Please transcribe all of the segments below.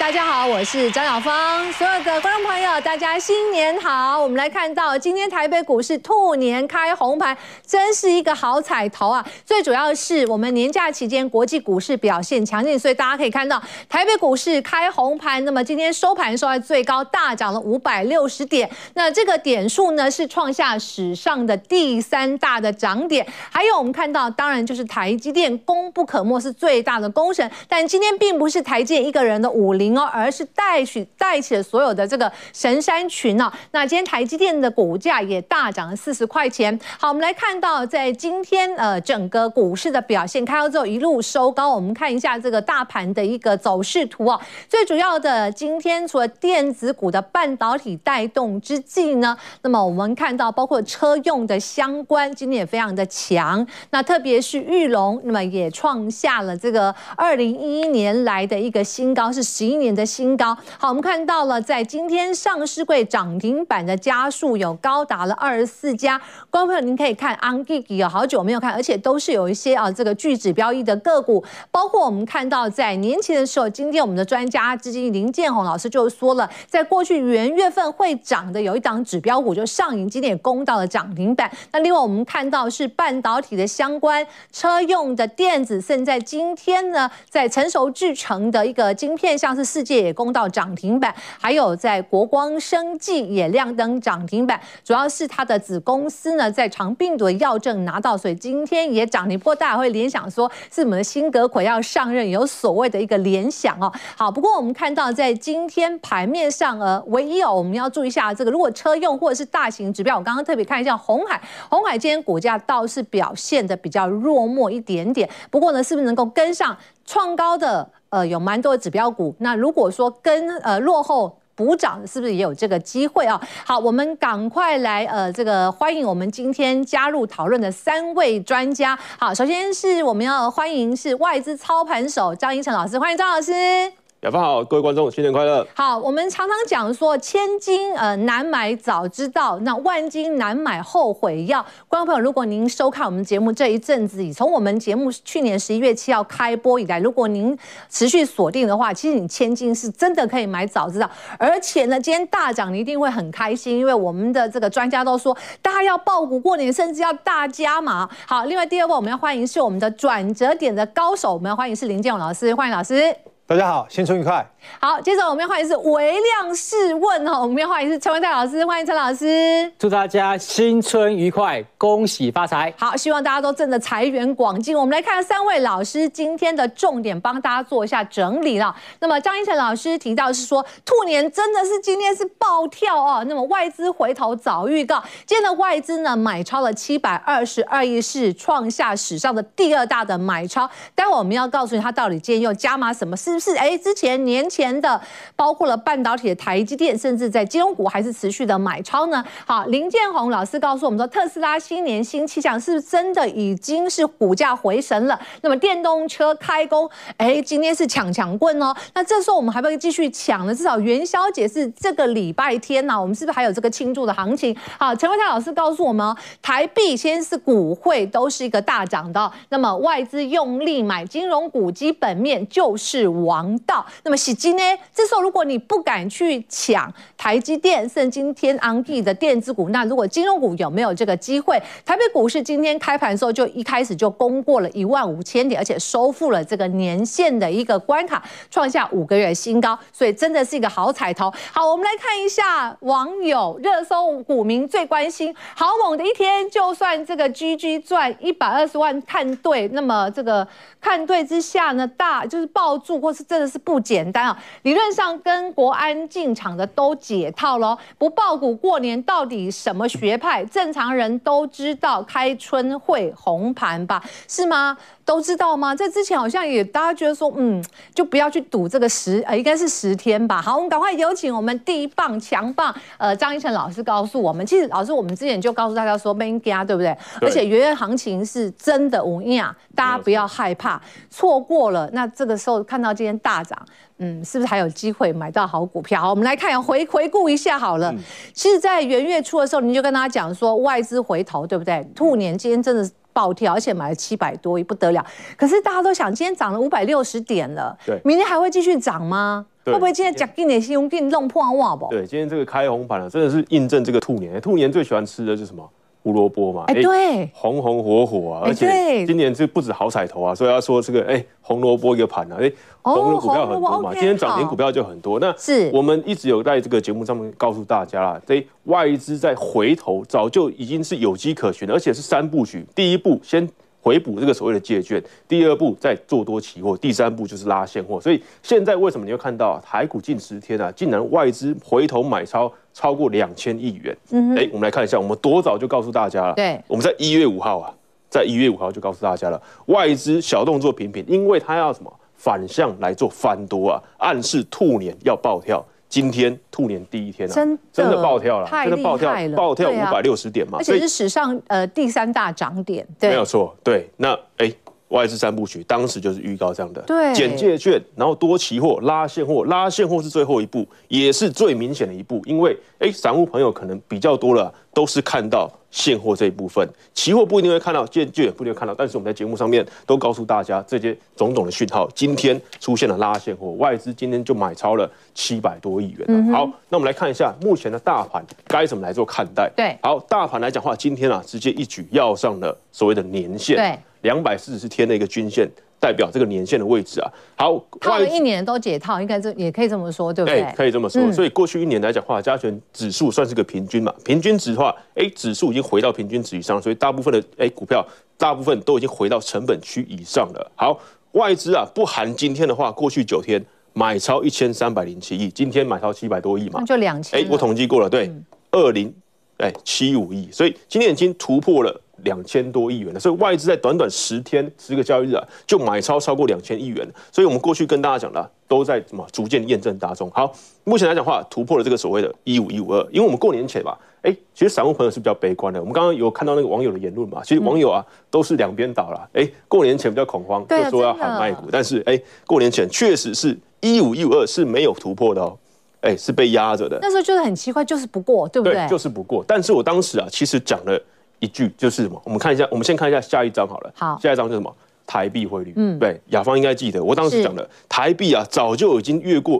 大家好，我是張雅芳。所有的觀眾朋友，大家新年好！我們來看到今天台北股市兔年開紅盤，真是一個好彩頭啊！最主要是我們年假期間國際股市表現強勁，所以大家可以看到台北股市開紅盤。那麼今天收盤收在最高，大漲了五百六十點。那這個點數呢，是創下史上的第三大的漲點。還有我們看到，當然就是台積電功不可沒，是最大的功臣。但今天並不是台積電一個人的武林。零哦，而是帶起帶起了所有的這個神山群哦、啊。那今天台積電的股價也大漲了四十塊錢。好，我們來看到在今天呃整個股市的表現，開了之後一路收高。我們看一下這個大盤的一個走勢圖哦、啊。最主要的今天除了電子股的半導體帶動之際呢，那麼我們看到包括車用的相關今天也非常的強。那特別是裕隆，那麼也創下了這個二零一一年來的一個新高，是十。今年的新高。好，我們看到了在今天上市櫃漲停板的家數有高達了二十四家。觀眾朋友，您可以看 gig 有、嗯、好久沒有看，而且都是有一些啊這個具指標意的個股。包括我們看到在年前的時候，今天我們的專家之金林建宏老師就說了，在過去元月份會漲的有一檔指標股就上銀，今天也攻到了漲停板。那另外我們看到是半導體的相關、車用的電子，甚至在今天呢，在成熟製程的一個晶片像是。世界也攻到漲停板，還有在國光生技也亮燈漲停板，主要是它的子公司呢，在腸病毒的藥證拿到，所以今天也漲停。不過大家會聯想說，是我們的新閣揆要上任有所謂的一個聯想哦。好，不過我們看到在今天盤面上，呃，唯一哦，我們要注意一下這個，如果車用或者是大型指標，我剛剛特別看一下鴻海，鴻海今天股價倒是表現的比較弱末一點點，不過呢，是不是能夠跟上創高的？呃，有蠻多的指標股。那如果說跟呃落後補漲，是不是也有這個機會啊？好，我們趕快來呃這個歡迎我們今天加入討論的三位專家。好，首先是我們要歡迎是外資操盤手張貽程老師，歡迎張老師。雅芳好，各位觀眾，新年快樂！好，我們常常講說，千金呃難買早知道，那萬金難買後悔藥。觀眾朋友，如果您收看我們節目這一陣子，從我們節目去年十一月七號開播以來，如果您持續鎖定的話，其實你千金是真的可以買早知道，而且呢，今天大獎你一定會很開心，因為我們的這個專家都說，大家要抱股過年，甚至要大加碼。好，另外第二位我們要歡迎是我們的轉折點的高手，我們要歡迎是林建宏老師，歡迎老師。大家好，新春愉快。好，接着我們要歡迎是唯量試問哦，我們要歡迎是陳唯泰老師，歡迎陳老師。祝大家新春愉快，恭喜發財。好，希望大家都掙得財源廣進。我們來看三位老師今天的重點，幫大家做一下整理了。那麼張貽程老師提到是說，兔年真的是今天是暴跳哦，那麼外資回頭早預告，今天的外資呢買超了七百二十二億，是創下史上的第二大的買超。待會我們要告訴你，他到底今天又加碼什麼？是不是？哎、欸，之前年。前的包括了半導體的台積電，甚至在金融股還是持續的買超呢。好，林建宏老師告訴我們說，特斯拉新年新氣象，是不是真的已經是股價回升了？那麼電動車開工，哎、欸，今天是搶搶棍哦、喔。那這時候我們還會繼續搶呢？至少元宵節是這個禮拜天吶、啊，我們是不是還有這個慶祝的行情？好，陳唯泰老師告訴我們、喔，台幣先是股匯都是一個大漲的、喔，那麼外資用力買金融股，基本面就是王道。那麼是。今呢，這時候如果你不敢去搶台積電，聖今天昂地的電子股，那如果金融股有沒有這個機會？台北股市今天開盤的時候就一開始就攻過了一萬五千點，而且收復了這個年線的一個關卡，創下五個月的新高，所以真的是一個好彩頭。好，我們來看一下網友熱搜，股民最關心好猛的一天，就算這個 GG 賺一百二十萬看對，那麼這個看對之下呢，大就是抱住，或是真的是不簡單。理論上跟國安進場的都解套嘍，不報股過年到底什麼學派？正常人都知道開春會紅盤吧，是嗎？都知道嗎？在之前好像也大家覺得說，嗯，就不要去賭這個十，呃，應該是十天吧。好，我們趕快有請我們第一棒、強棒，呃，張貽程老師告訴我們。其實老師，我們之前就告訴大家說 mania 對不對？對而且元月行情是真的 mania 大家不要害怕，錯過了。那這個時候看到今天大漲，嗯，是不是還有機會買到好股票？好，我們來看回回顧一下好了。嗯、其實，在元月初的時候，你就跟大家講說外資回頭，對不對？兔年今天真的。暴跳，而且買了七百多，也不得了。可是大家都想，今天漲了五百六十點了，對明天還會繼續漲嗎？對會不會今天的一點，熊你天弄破壞？對，今天這個開紅盤了、啊，真的是印證這個兔年。兔年最喜歡吃的是什麼？胡蘿蔔嘛，哎、欸欸，對，紅紅火火啊，而且今年是不止好彩頭啊，欸、所以要說這個，哎、欸，紅蘿蔔一個盤啊，哎、欸，紅蘿蔔股票很多嘛，哦、今天漲停股票就很多。哦、okay, 那是我們一直有在這個節目上面告訴大家啦，所是、欸、外資在回頭，早就已經是有跡可循，而且是三部曲，第一步先，回補這個所謂的借券，第二步再做多期貨，第三步就是拉現貨。所以現在為什麼你會看到、啊、台股近十天啊，竟然外資回頭買超超過兩千億元？嗯哼，哎、欸，我們來看一下，我們多早就告訴大家了，對，我們在一月五號啊，在一月五號就告訴大家了，外資小動作頻頻，因為他要什麼反向來做翻多啊，暗示兔年要暴跳。今天兔年第一天了、啊、真的爆跳了、啊，了真的爆跳，爆跳五百六十點嘛，啊、以而且是史上呃第三大漲點，對，沒有錯，對，那哎。欸外資三部曲，當時就是預告這樣的，對，借券，然後多期貨拉現貨，拉現貨是最後一步，也是最明顯的一步，因為哎，散、欸、戶朋友可能比較多了、啊，都是看到現貨這一部分，期貨不一定會看到，借券不一定會看到，但是我們在節目上面都告訴大家這些種種的訊號，今天出現了拉現貨，外資今天就買超了七百多億元。嗯、哼好，那我們來看一下目前的大盤該怎麼來做看待。對，好，大盤來講的話，今天啊，直接一舉要上了所謂的年線。兩百四十天的一個均線代表這個年線的位置啊。好，過了一年都解套，應該這也可以這麼說，對不對？可以這麼說。所以過去一年來講的話，加權指數算是個平均嘛？平均值的話，哎，指數已經回到平均值以上，所以大部分的哎股票，大部分都已經回到成本區以上了。好，外資啊，不含今天的話，過去九天買超一千三百零七億，今天買超七百多億嘛？就兩千？哎，我統計過了，對，二零哎七五億，所以今天已經突破了。兩千多億元所以外資在短短十天十個交易日啊，就買超超過兩千億元所以，我們過去跟大家講的、啊，都在什麼逐漸驗證當中。好，目前來講的話，突破了這個所謂的“一五一五二”。因為我們過年前吧，哎、欸，其實散戶朋友是比較悲觀的。我們剛剛有看到那個網友的言論嘛，其實網友啊、嗯、都是兩邊倒了。哎、欸，過年前比較恐慌，對啊、就說要喊賣股，但是哎、欸，過年前確實是一五一五二是沒有突破的哦，哎、欸，是被壓着的。那時候就是很奇怪，就是不過，對不對，對就是不過。但是我當時啊，其實講了。一句就是什麼？我們看一下，我們先看一下下一章好了。好，下一章是什麼？台幣匯率。嗯，對，雅芳應該記得，我當時講的是台幣啊，早就已經越過，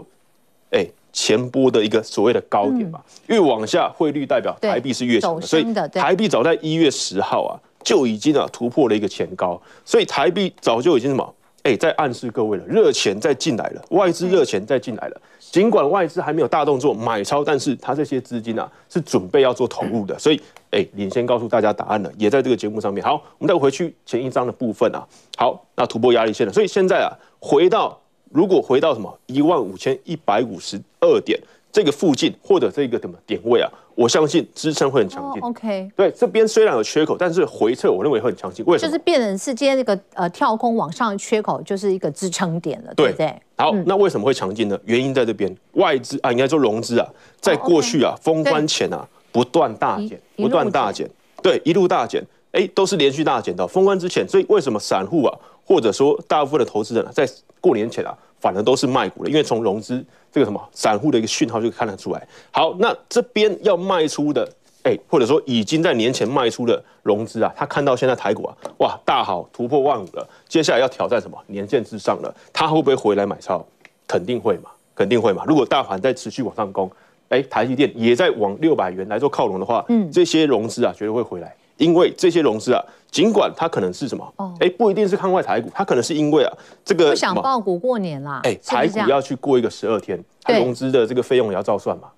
哎、欸，前波的一個所謂的高點嘛。嗯、越往下匯率代表台幣是越升的，所以台幣早在一月十號啊就已經啊突破了一個前高，所以台幣早就已經什麼？欸，再暗示各位了，熱錢再進來了，外資熱錢再進來了。儘管外資還沒有大動作買超，但是它這些資金啊是準備要做投入的。所以，欸，領先告訴大家答案了，也在這個節目上面。好，我們再回去前一張的部分啊。好，那突破壓力線了，所以現在啊，回到如果回到什麼一萬五千一百五十二點。這個附近或者這個什麼點位啊，我相信支撐會很強勁。Oh, OK，對，這邊雖然有缺口，但是回撤我認為會很強勁。為什麼？就是變成是今天那個呃跳空往上的缺口就是一個支撐點了，對不對？對，好，嗯、那為什麼會強勁呢？原因在這邊外資啊，應該說融資啊，在過去啊封、oh, okay 關前啊對不斷大減，減不斷大減，對，一路大減，哎，都是連續大減的、哦。封關之前，所以為什麼散戶啊，或者說大部分的投資人在過年前啊，反而都是賣股的？因為從融資。這個什麼散戶的一個訊號就看得出來。好，那這邊要賣出的，哎，或者說已經在年前賣出的融資啊，他看到現在台股啊，哇，大好突破萬五了，接下來要挑戰什麼年線之上了，他會不會回來買超？肯定會嘛，肯定會嘛。如果大盤在持續往上攻，哎，台積電也在往六百元來做靠攏的話，嗯，這些融資啊，絕對會回來。因為這些融資啊，儘管它可能是什麼，哎，不一定是看壞台股，它可能是因為啊，這個不想抱股過年啦，哎，台股要去過一個十二天，它融資的這個費用也要照算嘛，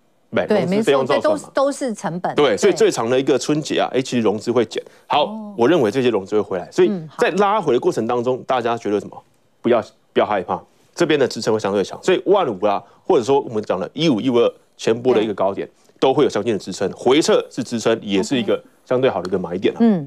對，沒錯，都都是成本，對，所以最長的一個春節啊，哎，其實融資會減，好，我認為這些融資會回來，所以在拉回的過程當中，大家覺得什麼？不要不要害怕，這邊的支撐會相對強，所以萬五啊，或者說我們講的一五一五二前波的一個高點。都會有相近的支撐，回撤是支撐，也是一個相對好的一個買點、啊、嗯，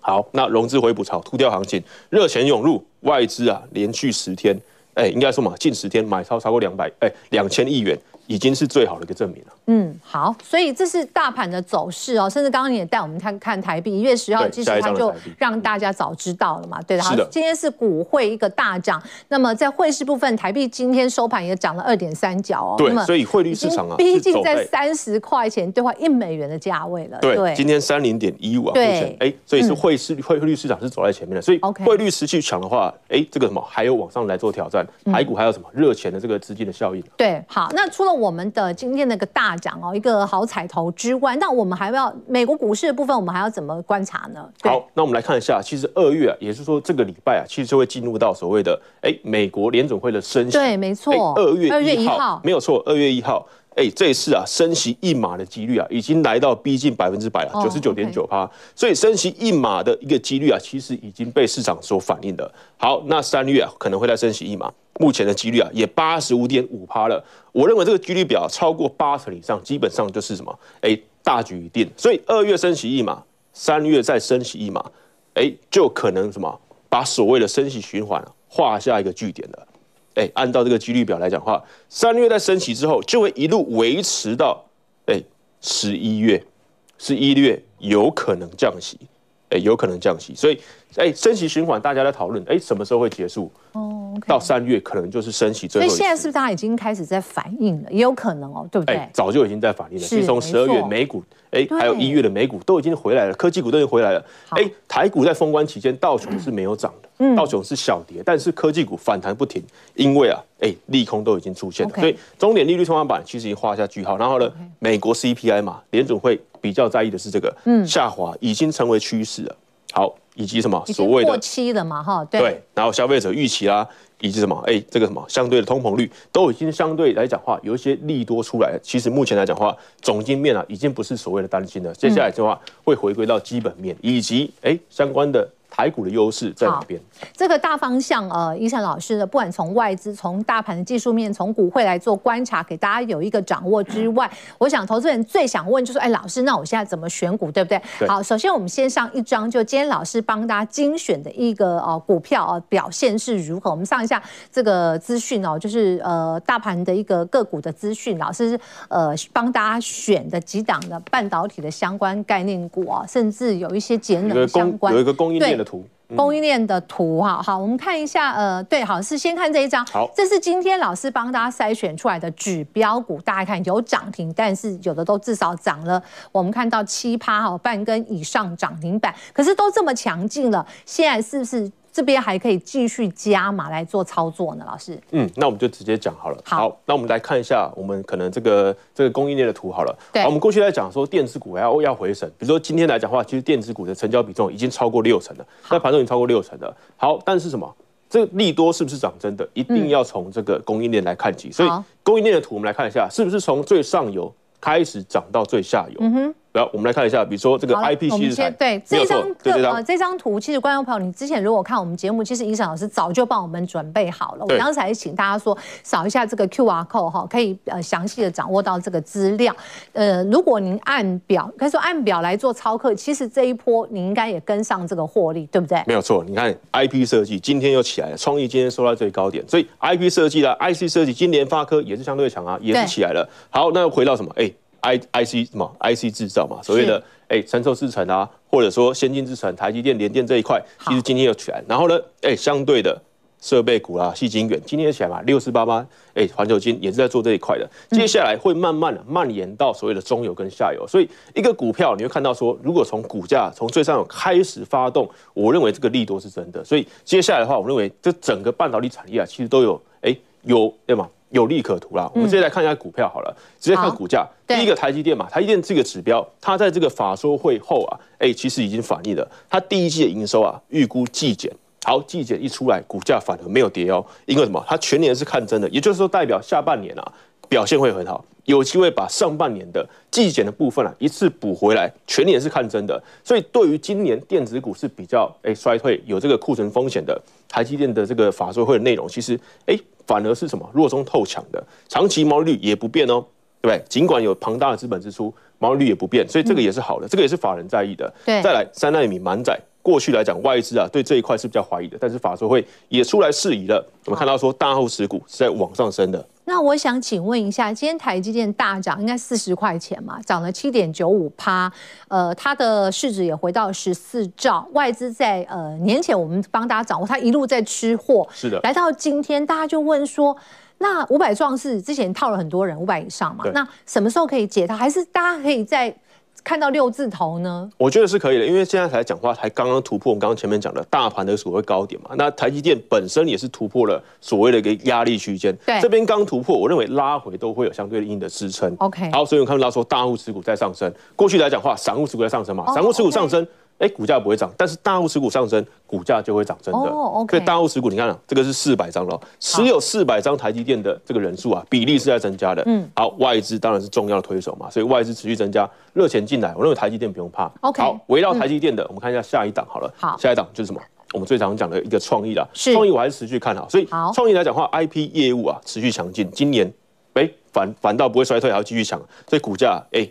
好，那融資回補潮突掉行情，熱錢湧入，外資啊連續十天，哎、欸，應該說嘛，近十天買超超過兩百、欸，哎，兩千億元。已經是最好的一個證明了。嗯，好，所以這是大盤的走勢哦。甚至剛剛你也帶我們看看台幣，一月十號其實它就讓大家早知道了嘛。對的，是的。今天是股匯一個大漲，那麼在匯市部分，台幣今天收盤也漲了二點三角哦。對，所以匯率市場啊，畢竟在三十塊錢兌換一美元的價位了。對，對今天三零點一五啊，目前對。哎對，所以是匯市、嗯、匯率市場是走在前面的。所以匯率持續搶的話，哎，這個什麼還有往上來做挑戰，台股還有什麼、嗯、熱錢的這個資金的效應、啊？對，好，那除了。我們的今天的那個大獎哦、喔，一個好彩頭之外，那我們還要美國股市的部分，我們還要怎麼觀察呢？好，那我們來看一下，其實二月啊，也就是說這個禮拜啊，其實就會進入到所謂的哎、欸，美國聯準會的升息。對，沒錯，二月，欸，二月一號，2月1號，沒有錯，二月一號。哎、欸，這一次啊，升息一碼的幾率啊，已經來到逼近百分之百了，九十九點九趴。Oh, okay. 所以升息一碼的一個幾率啊，其實已經被市場所反映的。好，那三月啊，可能會再升息一碼，目前的幾率啊，也八十五點五趴了。我認為這個幾率表超過八成以上，基本上就是什麼？哎、欸，大局已定。所以二月升息一碼，三月再升息一碼，哎、欸，就可能什麼把所謂的升息循環、啊、畫下一個句點了。哎、欸，按照這個機率表來講話，三月在升息之後，就會一路維持到哎十一月，十一月有可能降息、欸，有可能降息，所以哎、欸、升息循環，大家在討論，哎、欸、什麼時候會結束？哦。嗯到三月可能就是升息最後，所以現在是不是大家已經開始在反應了？也有可能哦，對不對？哎，早就已經在反應了。其實從十二月美股，哎，還有一月的美股都已經回來了，科技股都已經回來了。哎，台股在封關期間，道瓊是沒有漲的，嗯，道瓊是小跌，但是科技股反彈不停，因為啊，哎，利空都已經出現了。所以，終點利率天花板其實已經畫下句號。然後呢，美國 CPI 嘛，聯準會比較在意的是這個，下滑已經成為趨勢了。好。以及什麼所謂的過期的嘛哈，對，然後消費者預期啦、啊，以及什麼哎、欸、這個什麼相對的通膨率都已經相對來講話有一些利多出來，其實目前來講話，總經面啊已經不是所謂的擔心了。接下來的話會回歸到基本面以及哎、欸、相關的。台股的優勢在哪邊？這個大方向，呃，貽程老師呢，不管從外資、從大盤的技術面、從股匯來做觀察，給大家有一個掌握之外，嗯、我想投資人最想問就是，哎、欸，老師，那我現在怎麼選股，對不對？對，好，首先我們先上一張，就今天老師幫大家精選的一個、呃、股票啊、呃、表現是如何？我們上一下這個資訊哦，就是呃大盤的一個個股的資訊，老師呃幫大家選的幾檔的半導體的相關概念股啊，甚至有一些節能相關，有一個圖供應鏈的圖，哈、嗯、好，我們看一下，呃，對，好是先看這一張，好，這是今天老師幫大家篩選出來的指標股，大家看有漲停，但是有的都至少漲了，我們看到七趴哈，半根以上漲停板，可是都這麼強勁了，現在是不是？這邊還可以繼續加碼來做操作呢，老師。嗯，那我們就直接講好了。好，好，那我們來看一下我們可能這個這個供應鏈的圖好了。對，我們過去在講說電子股要要回升，比如說今天來講話，其實電子股的成交比重已經超過六成了，那盤中已經超過六成了。好，但是什麼？這個利多是不是漲真的？一定要從這個供應鏈來看起。嗯、所以供應鏈的圖我們來看一下，好是不是從最上游開始漲到最下游？嗯哼。來，我們來看一下，比如說這個 IP 設計。對，這張這張這，張、呃、這張圖，其實觀眾朋友，你之前如果看我們節目，其實尹尚老師早就幫我們準備好了。對我剛才還請大家說，掃一下這個 QR code 哈，可以呃詳細的掌握到這個資料。呃，如果您按表，可以說按表來做操課，其實這一波你應該也跟上這個獲利，對不對？沒有錯，你看 IP 設計今天又起來了，創意今天收到最高點，所以 IP 設計的、啊、IC 設計，聯發科也是相對強啊，也是起來了。對好，那又回到什麼？哎、欸。I I C 什麼 I C 製造嘛，所謂的哎，成熟製程啊，或者說先進製程，台積電、聯電這一塊，其實今天又起來，然後呢，哎，相對的設備股啦，矽晶圓，今天也起來嘛，六四八八，哎，環球晶也是在做這一塊的。接下來會慢慢的蔓延到所謂的中游跟下游。所以一個股票你會看到說，如果從股價從最上游開始發動，我認為這個利多是真的。所以接下來的話，我認為這整個半導體產業啊，其實都有哎，有對嗎？有利可圖啦，我們直接來看一下股票好了，直接看股價。第一個台積電嘛，台積電這個指標，它在這個法說會後啊，哎，其實已經反映了它第一季的營收啊，預估季減。好，季減一出來，股價反而沒有跌哦，因為什麼？它全年是看增的，也就是說代表下半年啊，表現會很好，有機會把上半年的季減的部分啊，一次補回來，全年是看增的。所以對於今年電子股是比較哎衰退，有這個庫存風險的台積電的這個法說會的內容，其實哎。反而是什麼弱中透強的，長期毛利率也不變哦、喔，對不對？儘管有龐大的資本支出，毛利率也不變，所以這個也是好的，嗯、這個也是法人在意的。嗯、再來三奈米滿載，過去來講外資啊對這一塊是比較懷疑的，但是法說會也出來釋疑了。我們看到說大戶持股是在往上升的。那我想請問一下，今天台積電大漲，應該四十塊錢嘛，漲了七點九五趴，呃，它的市值也回到十四兆，外資在呃年前我們幫大家掌握，它一路在吃貨，是的，來到今天，大家就問說，那五百壯士之前套了很多人，五百以上嘛，對那什麼時候可以解套？還是大家可以在？看到六字頭呢？我覺得是可以的，因為現在才講話才剛剛突破，我們剛剛前面講的大盤的所謂高點嘛。那台積電本身也是突破了所謂的一個壓力區間，對，這邊剛突破，我認為拉回都會有相對應的支撐。OK，好，所以我們看到說大戶持股在上升，過去來講話散戶持股在上升嘛，散戶、oh, okay 持股上升。哎，股價不會漲，但是大戶持股上升，股價就會漲真的。哦、oh,，OK。所以大戶持股，你看、啊，這個是四百張了，持有四百張台積電的這個人數啊，比例是在增加的。嗯，好，外資當然是重要的推手嘛，所以外資持續增加，熱錢進來，我認為台積電不用怕。Okay. 好，圍繞台積電的，嗯、我們看一下下一檔好了。好，下一檔就是什麼？我們最常講的一個創意啦。是創意我還是持續看好，所以創意來講話，IP 業務啊，持續強勁，今年哎反反倒不會衰退，還要繼續搶，所以股價哎、啊。誒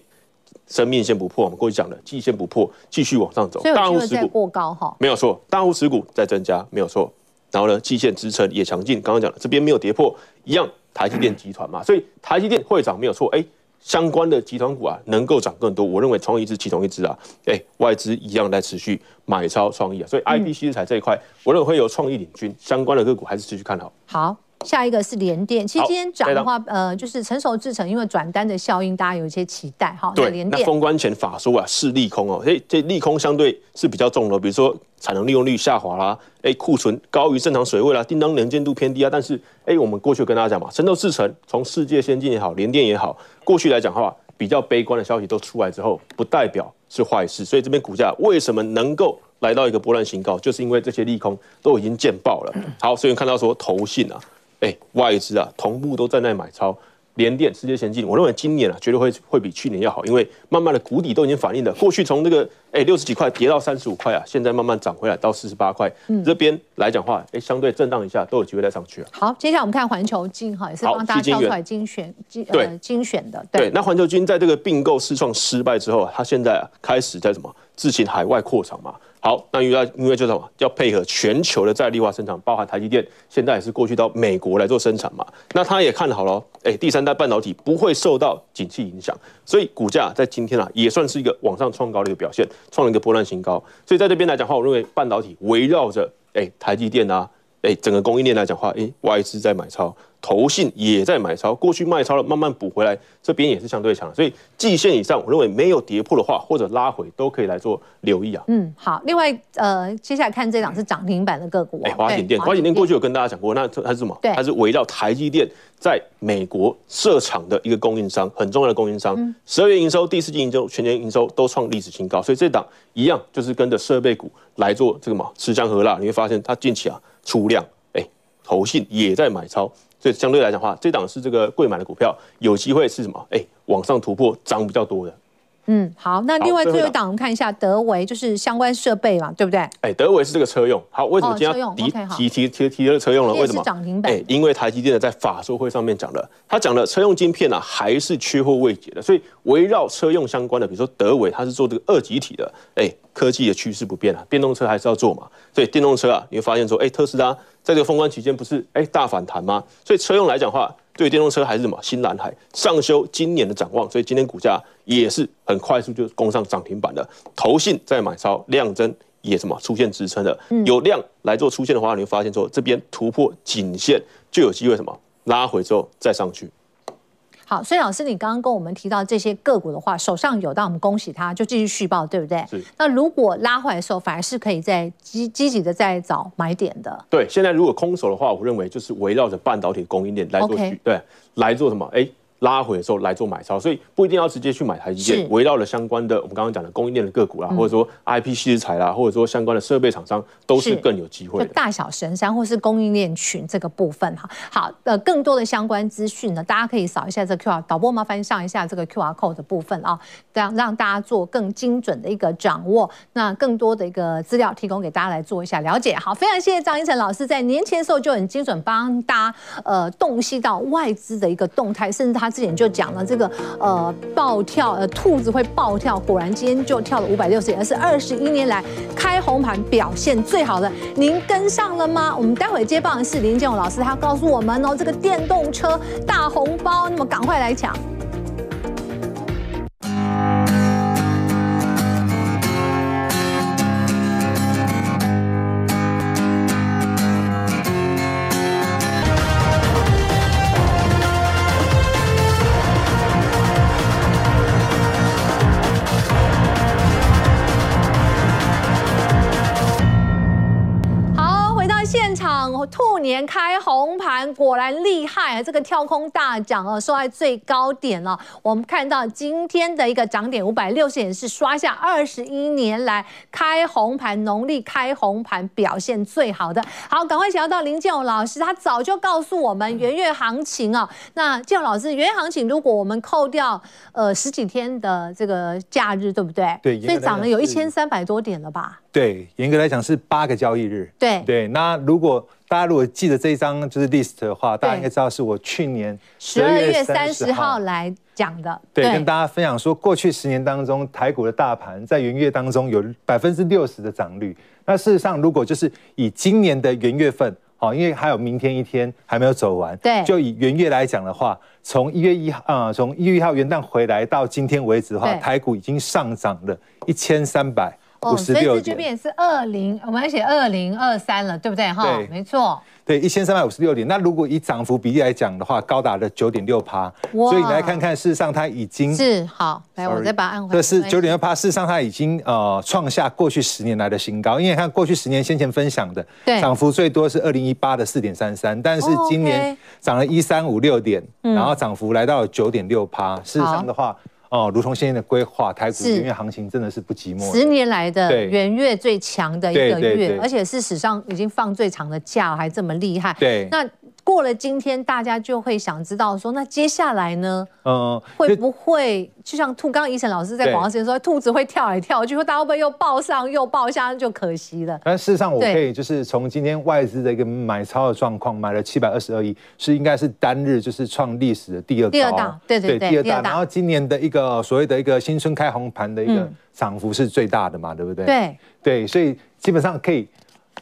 生命線不破，我們過去講了，季線不破，繼續往上走。所以大戶持股過高哈、哦，沒有錯，大戶持股在增加，沒有錯。然後呢，季線支撐也強勁，剛剛講了，這邊沒有跌破，一樣台積電集團嘛，嗯、所以台積電會漲沒有錯。哎、欸，相關的集團股啊，能夠漲更多，我認為創意是其中一支啊，哎、欸，外資一樣在持續買超創意、啊、所以 IP 矽智財這一塊，嗯、我認為會有創意領軍，相關的個股還是繼續看好。好。下一個是聯電，其實今天講的話，呃，就是成熟製程，因為轉單的效應，大家有一些期待哈。聯電對，那封關前法說啊是利空哦、喔，哎、欸，這利空相對是比較重的，比如說產能利用率下滑啦，哎、欸，庫存高於正常水位啦，訂單能見度偏低啊，但是哎、欸，我們過去有跟大家講嘛，成熟製程從世界先進也好，聯電也好，過去來講的話，比較悲觀的消息都出來之後，不代表是壞事，所以這邊股價為什麼能夠來到一個波浪新高，就是因為這些利空都已經見報了。嗯、好，所以看到說投信啊。哎、欸，外資啊，同步都在那買超，聯電、世界先進，我認為今年啊，絕對會會比去年要好，因為慢慢的谷底都已經反映了。過去從這、那個哎六十幾塊跌到三十五塊啊，現在慢慢漲回來到四十八塊，嗯，這邊來講話，哎、欸，相對震盪一下都有機會再上去啊。好，接下來我們看環球晶哈，也是幫大家挑出來精選精呃精選的。對，對那環球晶在這個併購世創失敗之後，它現在啊，開始在什麼自行海外擴廠嘛？好，那因為因為這種要配合全球的在地化生產，包含台積電，現在也是過去到美國來做生產嘛，那他也看好了，哎、欸，第三代半導體不會受到景氣影響，所以股價在今天啊也算是一個往上創高的一個表現，創了一個波浪新高，所以在這邊來講的話，我認為半導體圍繞着哎台積電啊。哎、欸，整個供應鏈來講話，哎、欸，外資在買超，投信也在買超。過去賣超了，慢慢補回來，這邊也是相對強。所以季線以上，我認為沒有跌破的話，或者拉回都可以來做留意啊。嗯，好。另外，呃，接下來看這檔是漲停板的個股，哦，哎、欸，華景電，華景電過去有跟大家講過，對那它是什麼？對它是圍繞台積電在美國設廠的一個供應商，很重要的供應商。十二月營收、第四季營收、全年營收都創歷史新高。所以這檔一,一樣就是跟着設備股來做這個嘛，吃香喝辣。你會發現它近期啊。出量，哎，投信也在買超，所以相對來講的話，這檔是這個貴買的股票，有機會是什麼？哎，往上突破漲比較多的。嗯，好，那另外最後一檔，我們看一下德微，就是相關設備嘛，對不對？哎，德微是這個車用，好，為什麼今天要提提提提這個車用呢提為什麼漲停板？因為台積電呢在法說會上面講了，他講了車用晶片呢、啊、還是缺貨未解的，所以圍繞車用相關的，比如說德微，他是做這個二極體的，哎，科技的趨勢不變啊，電動車還是要做嘛。所以電動車啊，你會發現說，哎，特斯拉在這個封關期間不是哎大反彈嗎？所以車用來講話。對電動車還是什麼新藍海，上修今年的展望，所以今天股價也是很快速就攻上漲停板了。投信在買超量增也什麼出現支撐的，有量來做出現的話，你會發現說這邊突破頸線就有機會什麼拉回之後再上去。好，所以老師，你剛剛跟我們提到這些個股的話，手上有，到我們恭喜他，就繼續續抱，對不對？是。那如果拉回來的時候，反而是可以再積積極的再找買點的。對，現在如果空手的話，我認為就是圍繞着半導體供應鏈來做，Okay 對，來做什麼？哎、欸。拉回的時候來做買超，所以不一定要直接去買台積電，圍繞是了相關的我們剛剛講的供應鏈的個股啦、啊，嗯、或者說 IP 矽智財啦、啊，或者說相關的設備廠商都是更有機會的。就大小神山或是供應鏈群這個部分哈。好，呃，更多的相關資訊呢，大家可以掃一下這 QR，導播麻煩上一下這個 QR Code 的部分啊，讓讓大家做更精準的一個掌握，那更多的一個資料提供給大家來做一下了解。好，非常謝謝張貽程老師在年前的時候就很精準幫大家呃洞悉到外資的一個動態，甚至他他之前就講了這個呃暴跳呃兔子會暴跳，果然今天就跳了五百六十點，而是二十一年來開紅盤表現最好的。您跟上了嗎？我們待會接棒的是林建宏老師，他告訴我們哦、喔，這個電動車大紅包，那麼趕快來搶。年開紅盤果然厲害啊！這個跳空大漲，啊，收在最高點了。我們看到今天的一個漲點五百六十點，是刷下二十一年來開紅盤，農曆開紅盤表現最好的。好，趕快請教到林建宏老師，他早就告訴我們元月行情啊。那建宏老師，元月行情如果我們扣掉呃十幾天的這個假日，對不對？對，所以漲了有一千三百多點了吧？對，嚴格來講是八個交易日。對對，那如果大家如果記得這一張就是 list 的話，對大家應該知道是我去年十二月三十號,號來講的。對，對跟大家分享說，過去十年當中，台股的大盤在元月當中有百分之六十的漲率。那事實上，如果就是以今年的元月份，好、哦，因為還有明天一天還沒有走完，對，就以元月來講的話，從一月一啊、呃，從一月一號元旦回來到今天為止的話，對台股已經上漲了一千三百。五十六這邊也是二零，我們要寫二零二三了，對不對哈？對，沒錯。對，一千三百五十六點。那如果以漲幅比例來講的話，高達了九點六趴。Wow, 所以你來看看，事實上它已經。是、呃、好，來我再把它按回來。這是九點六趴，事實上它已經呃創下過去十年來的新高。因為你看過去十年先前分享的對漲幅最多是二零一八的四點三三，但是今年漲了一三五六點，哦 okay 嗯、然後漲幅來到了九點六趴。事實上的話。哦，如同現在的規劃，台股元月行情真的是不寂寞。是十年來的對元月最強的一個月，對對對，而且事實上已經放最長的假，還這麼厲害。對，那。過了今天，大家就會想知道說，那接下來呢？嗯，會不會就，就像兔？剛剛貽程老師在廣告時間說，對兔子會跳來跳去，就說大盤會不會又爆上又爆下，就可惜了。但事實上，我可以就是從今天外資的一個買超的狀況，對買了七百二十二億，是應該是單日就是創歷史的第二高第二大，對對對，對，第二大。第二大然後今年的一個所謂的一個新春開紅盤的一個漲幅是最大的嘛，嗯、對不對對，對，所以基本上可以。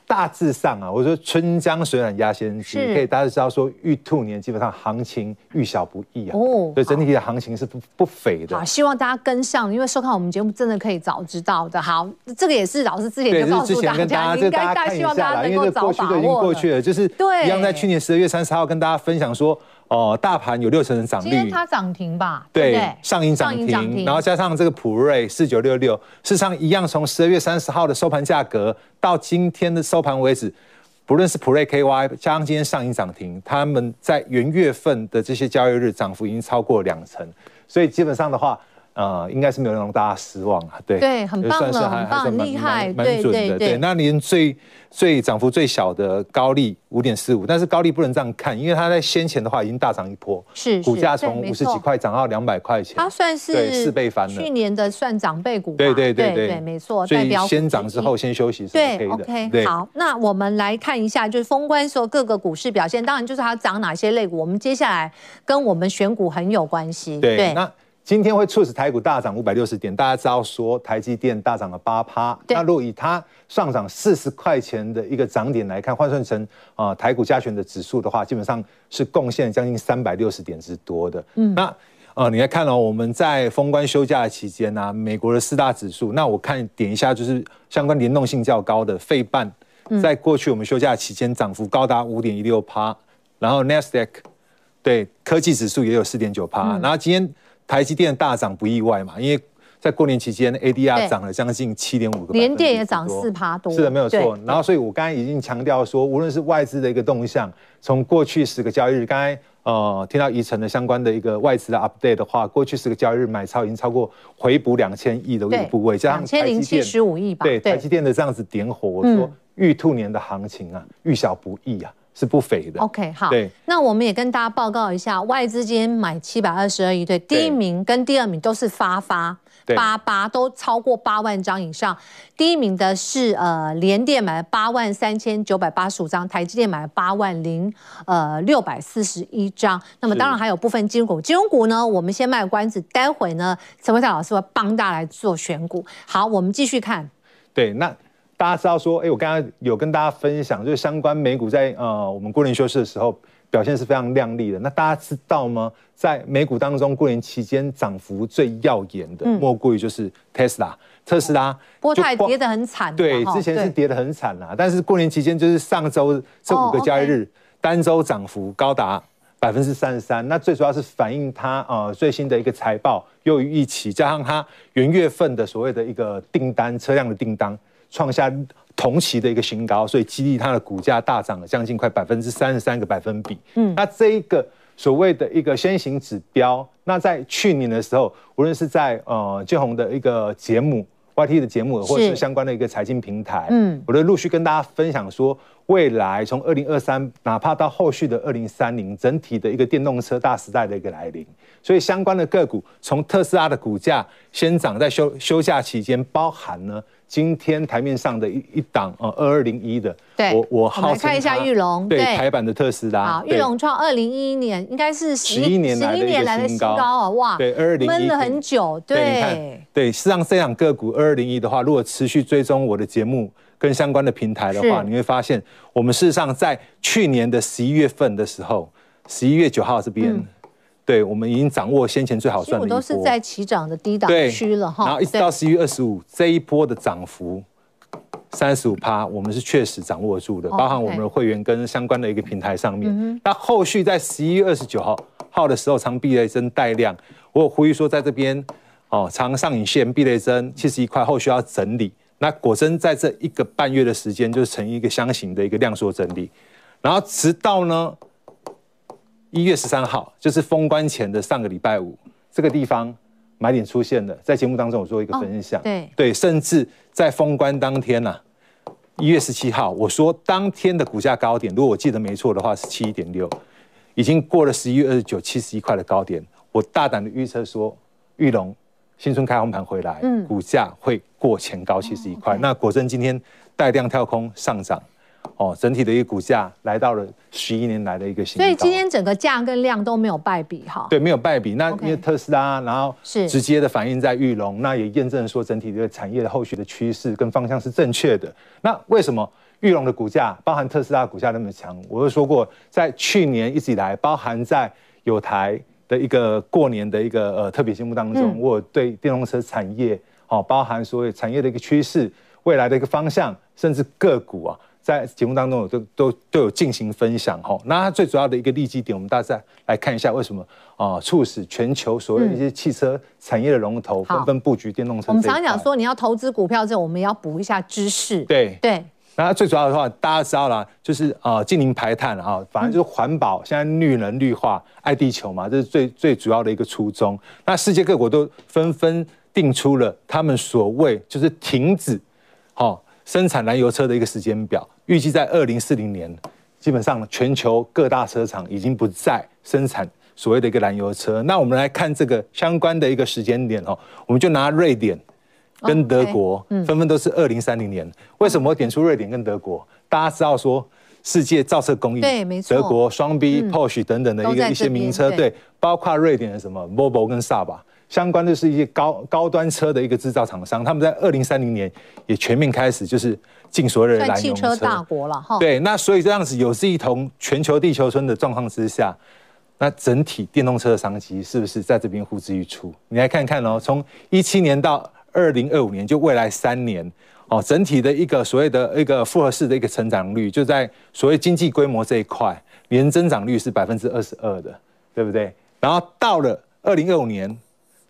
大致上啊，我說春江水暖鴨先知，是可以大家知道說，玉兔年基本上行情遇小不易啊，哦，所以整體的行情是不好不菲的。啊希望大家跟上，因為收看我們節目真的可以早知道的。好，這個也是老師之前就告訴大家，這是大家應該大家大家希望大家能夠早把握，已經過去了。對就是一樣在去年十二月三十號跟大家分享說，哦，大盤有六成的漲率，今天它漲停吧？對，對 上影漲停，然後加上這個普瑞四九六六，事實上一樣，從十二月三十號的收盤價格到今天的收盤為止，不論是普瑞 KY 加上今天上影漲停，他們在元月份的這些交易日漲幅已經超過兩成，所以基本上的話。啊，應該是沒有讓大家失望啊，對對，很棒了，很棒，很厲害，蠻準的。對，那連最最漲幅最小的高利，五點四五，但是高利不能這樣看，因為它在先前的話已經大漲一波，是股價從五十幾塊漲到兩百塊錢，它算是四倍翻，去年的算漲倍股。對對對對，沒錯，所以先漲之後先休息是 OK 的。對，好，那我們來看一下，就是封關時候各個股市表現，當然就是它漲哪些類股，我們接下來跟我們選股很有關係。對，那。今天會促使台股大漲五百六十點，大家知道說台積電大漲了八趴。對那如果以它上漲四十塊錢的一個漲點來看，換算成啊、呃、台股加權的指數的話，基本上是貢獻將近三百六十點之多的。嗯，那、呃、你來看哦，我們在封關休假的期間呢、啊，美國的四大指數，那我看點一下就是相關聯動性較高的費半，在過去我們休假期間漲幅高達五點一六趴，然後 Nasdaq，對，科技指數也有四點九趴，嗯、然後今天。台積電大漲不意外嘛，因為在過年期間，ADR 漲了將近七點五個百分點。聯電也漲四趴多。是的，沒有錯。對然後，所以我剛才已經強調說，無論是外資的一個動向，從過去十個交易日，剛才呃聽到貽程的相關的一個外資的 update 的話，過去十個交易日買超已經超過回補兩千億的一個部位，將對兩千零七十五億吧。對，對台積電的這樣子點火，對我說玉兔年的行情啊，遇小不易啊。嗯是不肥的。OK，好。對那我們也跟大家報告一下，對外資今天買七百二十二億，對，對第一名跟第二名都是發發八八，對都超過八萬張以上。對第一名的是呃聯電買了八萬三千九百八十五張，台積電買了八萬零呃六百四十一張。那麼當然還有部分金融股，是金融股呢，我們先賣個關子，待會呢，陳唯泰老師會幫大家來做選股。好，我們繼續看。對，那。大家知道說，哎、欸，我剛剛有跟大家分享，就是相關美股在呃我們過年休息的時候，表現是非常亮麗的。那大家知道嗎？在美股當中，過年期間漲幅最耀眼的莫過於就是 Tesla、嗯。t e 特斯拉、哦、光波太跌得很慘，對，之前是跌得很慘啦。對但是過年期間，就是上周這五個交易日，哦 okay、單周漲幅高達百分之三十三。那最主要是反映它呃最新的一個財報又優於預期，加上它元月份的所謂的一個訂單車輛的訂單。創下同期的一個新高，所以激勵它的股價大漲了將近快百分之三十三個百分比。嗯，那這一個所謂的一個先行指標，那在去年的時候，無論是在呃建宏的一個節目、YT 的節目，或是相關的一個財經平台，嗯，我都陸續跟大家分享說，未來從二零二三，哪怕到後續的二零三零，整體的一個電動車大時代的一個來臨，所以相關的個股，從特斯拉的股價先漲，在休休假期間，包含呢。今天檯面上的一一檔呃二二零一的，對我我，我來看一下裕隆，對，對，對台版的特斯拉，好，裕隆創二零一一年應該是十一年十一年來的新高啊，哇，對，二二零一悶了很久，對，對你看，對，事實上這檔個股二二零一的話，如果持續追蹤我的節目跟相關的平台的話，是你會發現，我們事實上在去年的十一月份的時候，十一月九號這邊。嗯對，我們已經掌握，先前最好賺的，我們都是在起漲的低檔區了哈。對然後一直到十一月二十五，這一波的漲幅三十五趴，我們是確實掌握住的，哦、包含我們的會員跟相關的一個平台上面。那、嗯、哼後續在十一月二十九號號的時候，長避雷針帶量，我有呼籲說，在這邊哦，長上影線避雷針七十一塊，後續要整理。那果真在這一個半月的時間，就是成一個箱型的一個量縮整理，然後直到呢。一月十三號，就是封關前的上個禮拜五，這個地方買點出現的。在節目當中，我做一個分享。哦、對對，甚至在封關當天吶、啊，一月十七號，我說當天的股價高點，如果我記得沒錯的話，是七點六，已經過了十一月二十九七十一塊的高點。我大膽的預測說，裕隆新春開紅盤回來，股價會過前高七十一塊。嗯、那果真今天帶量跳空上漲。哦，整體的一個股價來到了十一年來的一個新高，所以今天整個價跟量都沒有敗筆哈。對，沒有敗筆。那因為特斯拉，Okay. 然後是直接的反映在裕隆，是那也驗證說整體的產業的後續的趨勢跟方向是正確的。那為什麼裕隆的股價，包含特斯拉股價那麼強？我就說過，在去年一直以來，包含在有台的一個過年的一個呃特別節目當中，我對電動車產業，哦，包含所有產業的一個趨勢、未來的一個方向，甚至個股啊。在節目當中有，我都都都有進行分享哈、哦。那它最主要的一個利基點，我們大家再來看一下為什麼啊、呃？促使全球所有一些汽車產業的龍頭紛紛、嗯、布局電動車。我們常常講說，你要投資股票這，我們也要補一下知識。對對。那它對最主要的話，大家知道啦，就是、呃、近啊，淨零排碳哈，反正就是環保，嗯、現在綠能、綠化、愛地球嘛，這是最最主要的一個初衷。那世界各國都紛紛定出了他們所謂就是停止、呃、生產燃油車的一個時間表。預計在二零四零年，基本上全球各大車廠已經不再生產所謂的一個燃油車。那我們來看這個相關的一個時間點哦，我們就拿瑞典跟德國，嗯，紛紛都是二零三零年。為什麼會點出瑞典跟德國？大家知道說，世界造車工業，對，德國雙 B、Porsche 等等的一個一些名車，對，包括瑞典的什麼 Volvo 跟 Saab 相關的是一些高高端車的一個制造廠商，他們在二零三零年也全面開始就是。盡所有人，汽車大國了哈。對，那所以這樣子有志一同，全球地球村的狀況之下，那整體電動車的商機是不是在這邊呼之欲出？你來看看哦，從一七年到二零二五年，就未來三年哦、喔，整體的一個所謂的，一個複合式的一個成長率，就在所謂經濟規模這一塊，年增長率是百分之二十二的，對不對？然後到了二零二五年，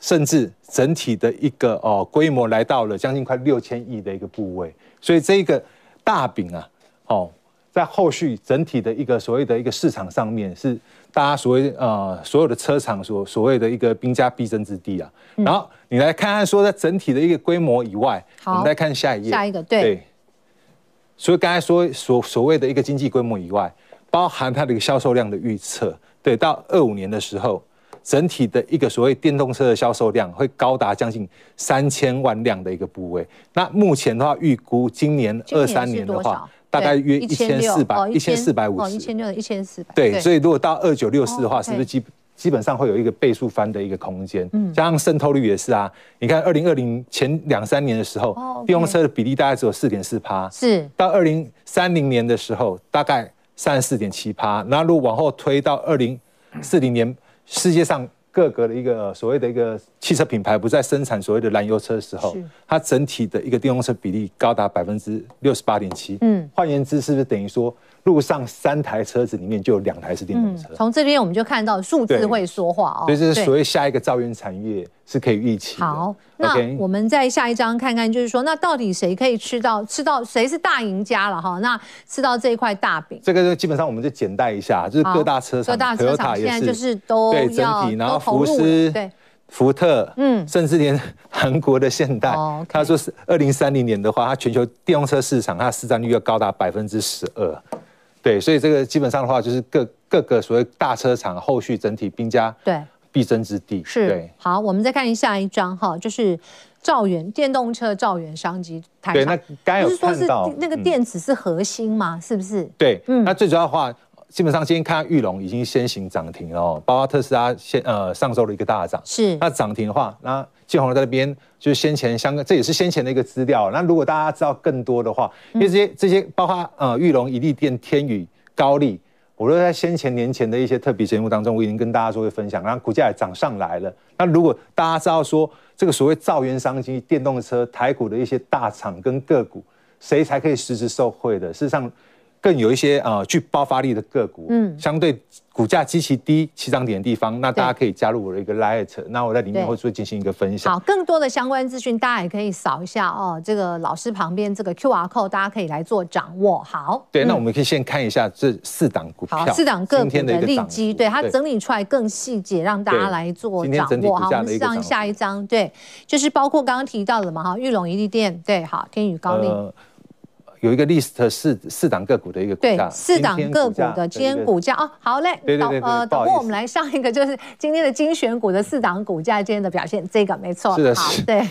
甚至整體的一個哦、喔、規模來到了將近快六千億的一個部位。所以這一個大餅啊，哦，在後續整體的一個所謂的一個市場上面，是大家所謂呃所有的車廠所所謂的一個兵家必爭之地啊。嗯，然後你來看看說在整體的一個規模以外，好，我們再看下一頁，下一個對，對。所以剛才說所所謂的一個經濟規模以外，包含它的一個銷售量的預測，對，到二五年的時候。整體的一個所謂電動車的銷售量會高達將近三千萬輛的一個部位。那目前的話，預估今年二三年的話，大概約一千四百一千四百五十一千六一千四百對。所以如果到二九六四的話，哦 okay、是不是基基本上會有一個倍數翻的一個空間？嗯，加上滲透率也是啊。你看二零二零前兩三年的時候，哦 okay、電動車的比例大概只有四點四趴，是到二零三零年的時候，大概三十四點七趴。那如果往後推到二零四零年。世界上各個的一個所謂的一個汽車品牌，不再生產所謂的燃油車的時候，是它整體的一個電動車比例高達百分之六十八點七。嗯，換言之，是不是等於說？路上三台車子裡面就有兩台是電動車。從、嗯、這邊我們就看到數字會說話哦。所以這是所謂下一個兆元產業是可以預期。好，那 okay, 我們再下一張看看，就是說那到底誰可以吃到吃到誰是大贏家了哈？那吃到這塊大餅。這個基本上我們就簡單一下，就是各大車廠，各好大車廠現在就是都對整體，然後福斯、對福特，嗯，甚至連韓國的現代，okay，他說是二零三零年的話，他全球電動車市場，他市占率要高達百分之十二。對，所以這個基本上的話，就是各各個所謂大車廠後續整體兵家對必爭之地。對對是，對。好，我們再看一下一張哈，就是兆元電動車兆元商機台。對，那剛有是說是那個電池是核心嗎？嗯、是不是？對，那最主要的話。嗯基本上今天看到裕隆已經先行漲停了，喔，包括特斯拉先呃上周的一個大漲是，是那漲停的話，那建宏在那邊就是先前相關，這也是先前的一個資料。那如果大家知道更多的話，因為這些這些包括呃裕隆、一地店、天宇、高力，我都在先前年前的一些特別節目當中，我已經跟大家做了分享，然後股價也漲上來了。那如果大家知道說這個所謂兆元商機、電動車台股的一些大廠跟個股，誰才可以實質受惠的？事實上。更有一些呃，具爆發力的個股，嗯，相對股價極其低、起漲點的地方，那大家可以加入我的一個 Light 那我在裡面會做進行一個分享。好，更多的相關資訊，大家也可以掃一下哦，這個老師旁邊這個 QR Code，大家可以來做掌握。好，對，那我們可以先看一下這四檔股票，四檔個股的利基，對，它整理出來更細節，讓大家來做掌握。好，我們下一張，對，就是包括剛剛提到的嘛，哈，玉龍一地店，對，好，天宇高力。有一個 list 四，四檔個股的一個股價，四檔個股的今天股價哦，好嘞。導呃，導播，我們來上一個，就是今天的精選股的四檔股價，今天的表現，這個沒錯。是的，是。對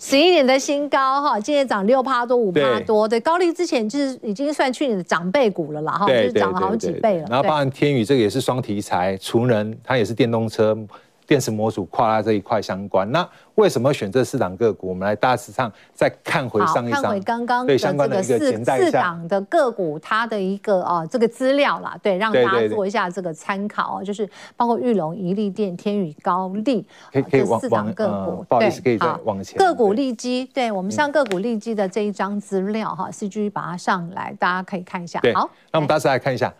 十一對年的新高哈，今天漲六趴多，五趴多。對，對，對，高麗之前就是已經算去年的漲倍股了啦哈，就是漲了好幾倍了對對對。然後包含天宇這個也是雙題材，對除人它也是電動車。電池模組跨拉，這一塊相關，那為什麼選這四檔個股？我們來大致上再看回上一場，看回剛剛相關的一個簡代一下四檔的個股，它的一個啊這個資料啦，對，讓大家做一下這個參考啊，就是包括玉龍、宜利店、天宇高麗這四檔個股，不好意思，可以再往前個股利基，對，我們上個股利基的這一張資料哈，CG 把它上來，大家可以看一下。好，那我們大致來看一下。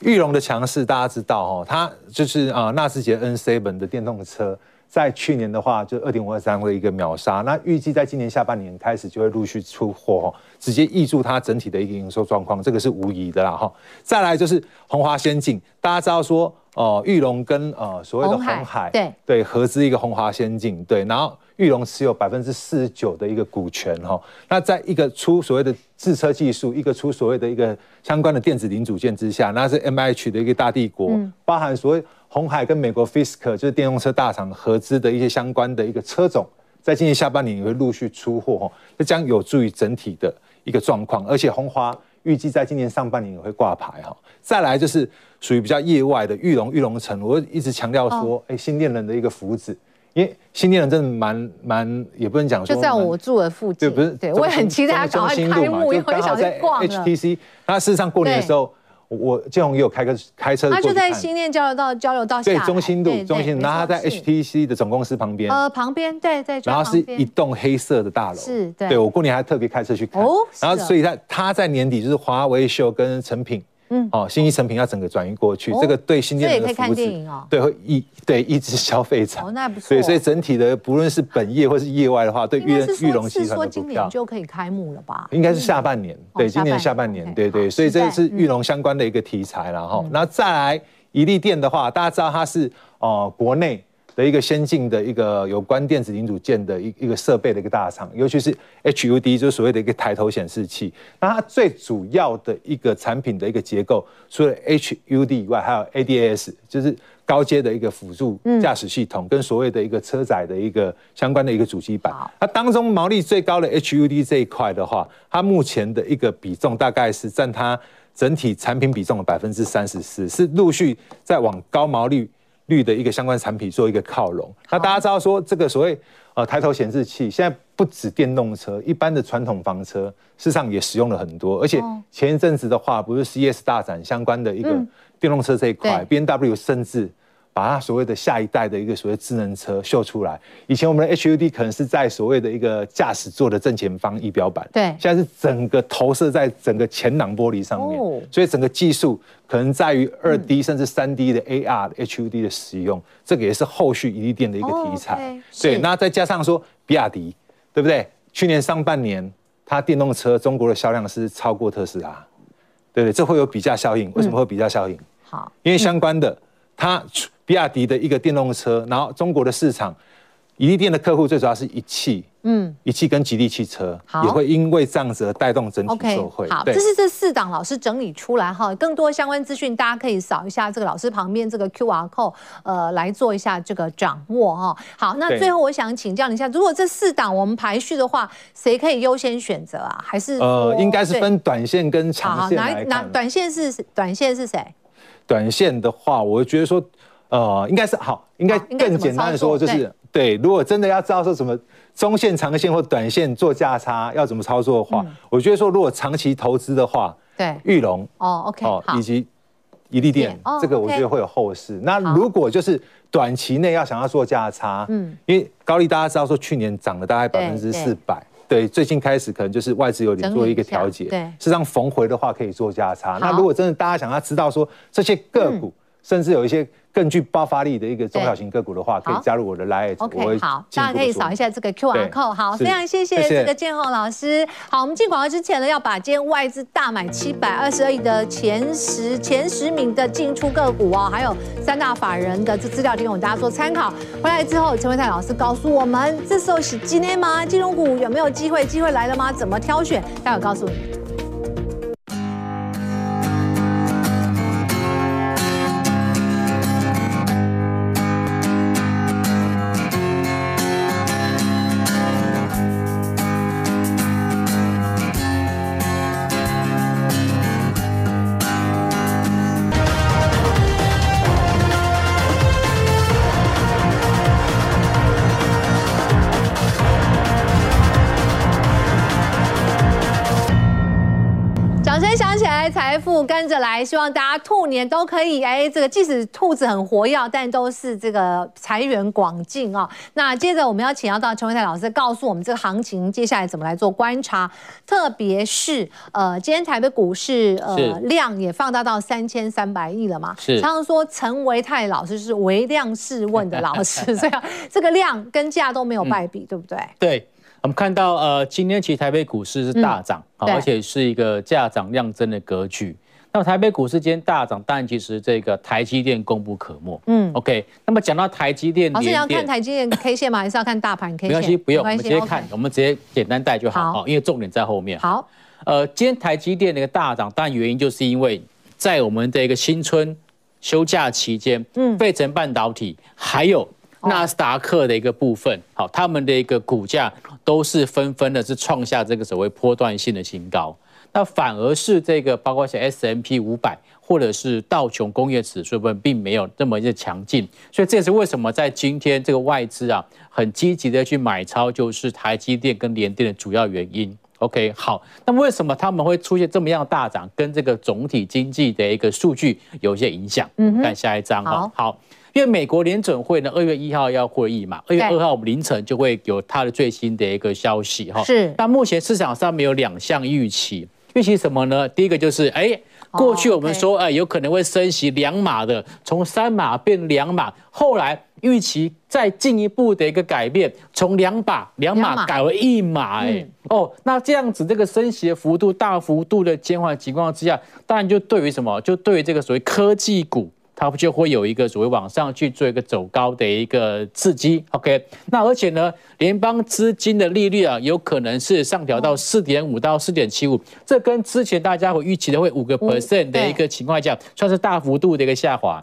裕隆的強勢大家知道哈，它就是啊納智捷 N7 的電動車，在去年的話就二點五二三的一個秒殺，那預計在今年下半年開始就會陸續出貨哈，直接挹注它整體的一個營收狀況，這個是無疑的啦哈。再來就是鴻華先進，大家知道說哦裕隆跟呃所謂的鴻海對合資一個鴻華先進對，然後。裕隆持有百分之四十九的一個股權哈，那在一個出所謂的製車技術，一個出所謂的一個相關的電子零組件之下，那是 MIH 的一個大帝國，包含所謂鴻海跟美國 Fisker 就是電動車大廠合資的一些相關的一個車種，在今年下半年也會陸續出貨哈，這將有助於整體的一個狀況，而且鴻華預計在今年上半年也會掛牌哈。再來就是屬於比較業外的裕隆裕隆城，我一直強調說，哎、欸，新店人的一個福祉。因為新店人真的蠻蠻，也不能講說就在我住的附近，對，不是，對我也很期待它趕快開幕，因為我想去逛在 HTC，那事實上過年的時候，我建宏也有開個開車，他就在新店交流道交流道下，對，中心路中心，然後他在 HTC 的總公司旁邊，呃，旁邊對，在然後是一棟黑色的大樓，是對，我過年還特別開車去看，哦，然後所以他他在年底就是華為秀跟成品。嗯，哦，新一成品，要整個轉移過去，這個對新店，這也可以看電影哦，對會一對一直消費場，哦，那不錯，對，所以整體的不論是本業或是業外的話，對玉玉龍集團的股票，就可以開幕了吧？應該是下半年，對今年下半年，對對，所以這是次玉龍相關的一個題材了哈，那再來一立店的話，大家知道它是哦國內。的一個先進的一個有關電子零組件的一一個設備的一個大廠，尤其是 HUD，就是所謂的一個抬頭顯示器。那它最主要的一個產品的一個結構，除了 HUD 以外，還有 ADAS，就是高階的一個輔助駕駛系統，跟所謂的一個車載的一個相關的一個主機板。它當中毛利最高的 HUD 這一塊的話，它目前的一個比重大概是佔它整體產品比重的百分之三十四，是陸續在往高毛利綠的一個相關產品做一個靠攏。好那大家知道說這個所謂呃抬頭顯示器，現在不止電動車，一般的傳統房車市場也使用了很多，而且前一陣子的話，不是哦、CES 大展相關的一個電動車這一塊，BMW 甚至。把它所謂的下一代的一個所謂智能車秀出來。以前我們的 HUD 可能是在所謂的一個駕駛座的正前方儀表板，對，現在是整個投射在整個前擋玻璃上面，所以整個技術可能在於二 D 甚至三 D 的 AR HUD、嗯嗯、的使用，這個也是後續一店的一個題材、哦。Okay, 對，那再加上說比亞迪，對不對？去年上半年它電動車中國的銷量是超過特斯拉，對不對？這會有比價效應。為什麼會比價效應？嗯、好，嗯、因為相關的它。他比亞迪的一個電動車，然後中國的市場，宜地店的客戶最主要是一汽，嗯，一汽跟吉利汽車好也會因為這樣子而帶動整體的社會。Okay, 好，對這是這四檔老師整理出來哈，更多相關資訊大家可以掃一下這個老師旁邊這個 Q R code，呃，來做一下這個掌握哈。好，那最後我想請教你一下，對如果這四檔我們排序的話，誰可以優先選擇啊？還是呃，應該是分短線跟長線來。哪來哪短線是短線是誰？短線的話，我覺得說。呃，應該是好，應該更簡單的說就是對。如果真的要知道說什麼中線、長線或短線做價差要怎麼操作的話，我覺得說如果長期投資的話，對，裕隆哦，OK，好，以及怡利電這個我覺得會有後市。那如果就是短期內要想要做價差，嗯，因為高力大家知道說去年漲了大概百分之四百，對，最近開始可能就是外資有點做一個調節，對，實際上逢回的話可以做價差。那如果真的大家想要知道說這些個股。甚至有一些更具爆發力的一個中小型個股的話，可以加入我的拉。好的 OK，好，大家可以掃一下這個 QR code。對好，非常謝謝這個建浩老師。謝謝，好，我們進廣告之前呢，要把今天外資大買七百二十二億的前十前十名的進出個股哦，還有三大法人的資資料提供大家做參考。回來之後，陳唯泰老師告訴我們，這時候是今天嗎？金融股有沒有機會？機會來了嗎？怎麼挑選？待會告訴你。還希望大家兔年都可以，哎，這個即使兔子很活躍，但都是這個財源廣進啊、哦。那接着我們要請要到陳唯泰老師，告訴我們這個行情接下來怎麼來做觀察，特別是呃，今天台北股市呃是量也放大到三千三百億了嘛？是，常常說陳唯泰老師是唯量是問的老師，所以 這個量跟價都沒有敗筆，嗯、對不對？對，我們看到呃，今天其實台北股市是大漲，嗯、而且是一個價漲量增的格局。那台北股市今天大漲，但其實這個台積電功不可沒。嗯，OK。那麼講到台積電，電、老、哦、是你要看台積電 K 線嗎？還是要看大盤 K 線？沒關係，不用，我們直接看，okay 我們直接簡單帶就好。好，因為重點在後面。好，呃，今天台積電的一個大漲，但原因就是因為在我們這個新春休假期間，嗯，費城半導體還有納斯達克的一個部分，好、哦，他們的一個股價都是紛紛的是創下這個所謂波段性的新高。那反而是這個，包括像 S M P 五百，或者是道瓊工業指數，部分並沒有那麼一些強勁。所以這也是為什麼在今天這個外資啊很積極的去買超，就是台積電跟聯電的主要原因。OK，好，那為什麼他們會出現這麼樣的大漲，跟這個總體經濟的一個數據有一些影響？嗯哼，看下一張哈。好，好 因為美國聯準會呢，二月一號要會議嘛，二月二號我們凌晨就會有它的最新的一個消息哈。對 是。但目前市場上面有兩項預期。預期什麼呢？第一個就是，哎、欸，過去我們說，哎、oh, okay. 欸，有可能會升息兩碼的，從三碼變兩碼，後來預期再進一步的一個改變，從兩碼兩碼改為一碼、欸，馬哦，那這樣子這個升息的幅度大幅度的減緩情況之下，當然就對於什麼，就對於這個所謂科技股。它不就會有一個所謂往上去做一個走高的一個刺激，OK？那而且呢，聯邦資金的利率啊，有可能是上調到四點五到四點七五，這跟之前大家會預期的會五個 percent 的一個情況下，嗯、算是大幅度的一個下滑。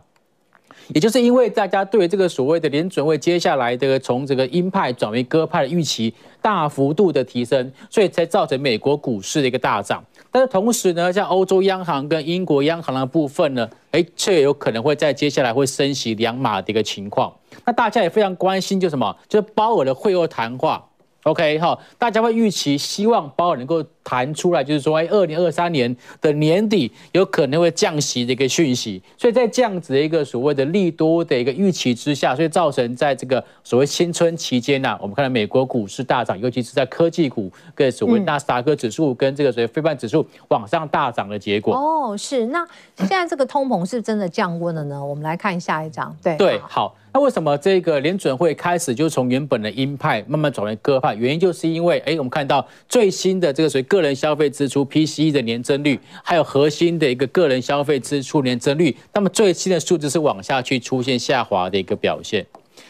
也就是因為大家對這個所謂的聯準會接下來的個從這個鷹派轉為鴿派的預期大幅度的提升，所以才造成美國股市的一個大漲。但是同時呢，像歐洲央行跟英國央行的部分呢，哎、欸，卻有可能會在接下來會升息兩碼的一個情況。那大家也非常關心，就什麼？就是鮑爾的會後談話。OK，好，大家會預期，希望鮑爾能夠。彈出來就是說，哎，二零二三年的年底有可能會降息的一個訊息，所以在這樣子的一個所謂的利多的一個預期之下，所以造成在這個所謂新春期間呢、啊，我們看到美國股市大漲，尤其是在科技股跟所謂納斯達克指數跟這個所謂費半指數往上大漲的結果、嗯。哦，是，那現在這個通膨是，是真的降溫了呢？嗯、我們來看下一張對對，好，嗯、那為什麼這個聯準會開始就從原本的鷹派慢慢轉為鴿派？原因就是因為，哎，我們看到最新的這個所謂。個人消費支出 PCE 的年增率，還有核心的一個個人消費支出年增率，那麼最新的數字是往下去出現下滑的一個表現，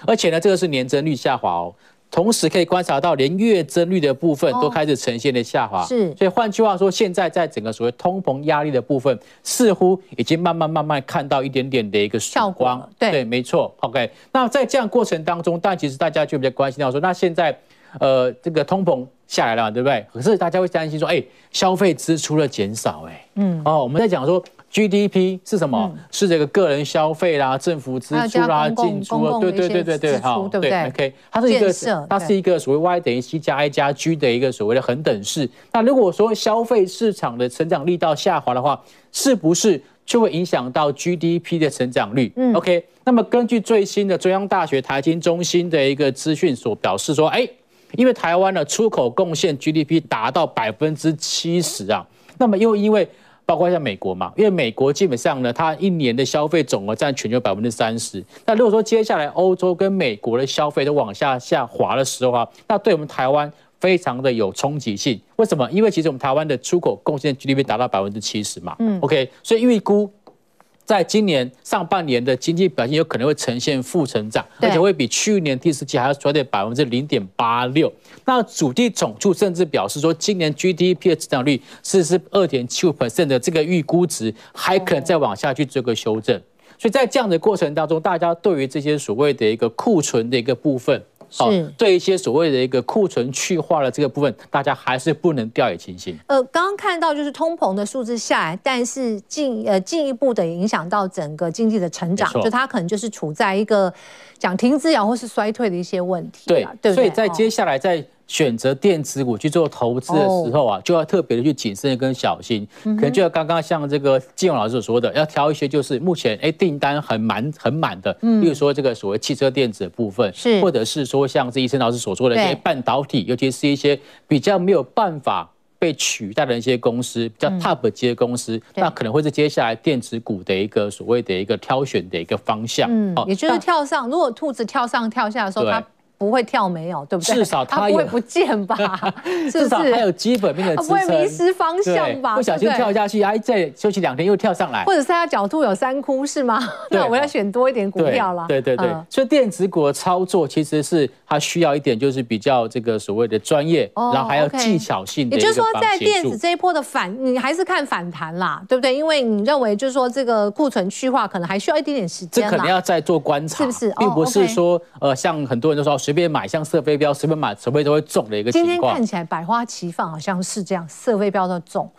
而且呢，這個是年增率下滑哦。同時可以觀察到，連月增率的部分都開始呈現的下滑。是。所以換句話說，現在在整個所謂通膨壓力的部分，似乎已經慢慢慢慢看到一點點的一個曙光。對，沒錯。OK，那在這樣過程當中，但其實大家就比較關心到說，那現在呃這個通膨。下來了，對不對？可是大家會擔心說，哎，消費支出的減少，哎，嗯，哦，我們在講說 GDP 是什麼？嗯、是這個個人消費啦、政府支出啦、進出，對對對對對，哈，對不對，建設 對？OK，它是一個，它是一個所謂 Y 等於 C 加 I 加 G 的一個所謂的恆等式。那如果說消費市場的成長力道下滑的話，是不是就會影響到 GDP 的成長率？嗯，OK，那麼根據最新的中央大學台經中心的一個資訊所表示說，哎。因為台灣的出口貢獻 GDP 達到百分之七十啊，那麼又因為因為包括像美國嘛，因為美國基本上呢，它一年的消費總額占全球百分之三十。那如果說接下來歐洲跟美國的消費都往下下滑的時候啊，那對我們台灣非常的有衝擊性。為什麼？因為其實我們台灣的出口貢獻 GDP 達到百分之七十嘛，嗯，OK，所以預估。在今年上半年的經濟表現有可能會呈現負成長，對而且會比去年第四季還要衰跌百分之零點八六。那主計總處甚至表示說，今年 GDP 的增長率四十二點七五%的這個預估值，還可能再往下去做個修正。嗯、所以在這樣的過程當中，大家對於這些所謂的一個庫存的一個部分。好，對一些所謂的一個庫存去化的這個部分，大家還是不能掉以輕心。呃，剛剛看到就是通膨的數字下來，但是進呃進一步的影響到整個經濟的成長，錯就它可能就是處在一個講停滯啊，或是衰退的一些問題了，對不對？對對，所以在接下來在。選擇電子股去做投資的時候啊，oh, 就要特別的去謹慎跟小心。嗯、哼可能就要剛剛像這個建宏老師所說的，要挑一些就是目前哎訂、欸、單很滿很滿的，嗯、例如說這個所謂汽車電子的部分，是或者是說像這貽程老師所說的一些，些對、欸、半導體，尤其是一些比較沒有辦法被取代的一些公司，比較 top 級的一些公司，嗯、那可能會是接下來電子股的一個所謂的一個挑選的一個方向。嗯，哦、也就是跳上，到如果兔子跳上跳下的時候，它。不會跳沒有，對不對？至少它不會不見吧？至少還有基本面的支撐。它不會迷失方向吧？不小心跳下去，哎，再休息兩天又跳上來。或者是它狡兔有三窟是嗎？那我要選多一點股票啦。對對對，所以電子股的操作其實是它需要一點，就是比較這個所謂的專業，然後還要技巧性的幫助。也就是說，在電子這一波的反，你還是看反彈啦，對不對？因為你認為就是說這個庫存去化可能還需要一點點時間。這可能要再做觀察，是不是？並不是說呃，像很多人都說隨便，便買，像射飛鏢，隨便買，除非都會中的一個情況。今天看起來百花齊放，好像是這樣，射飛鏢都中。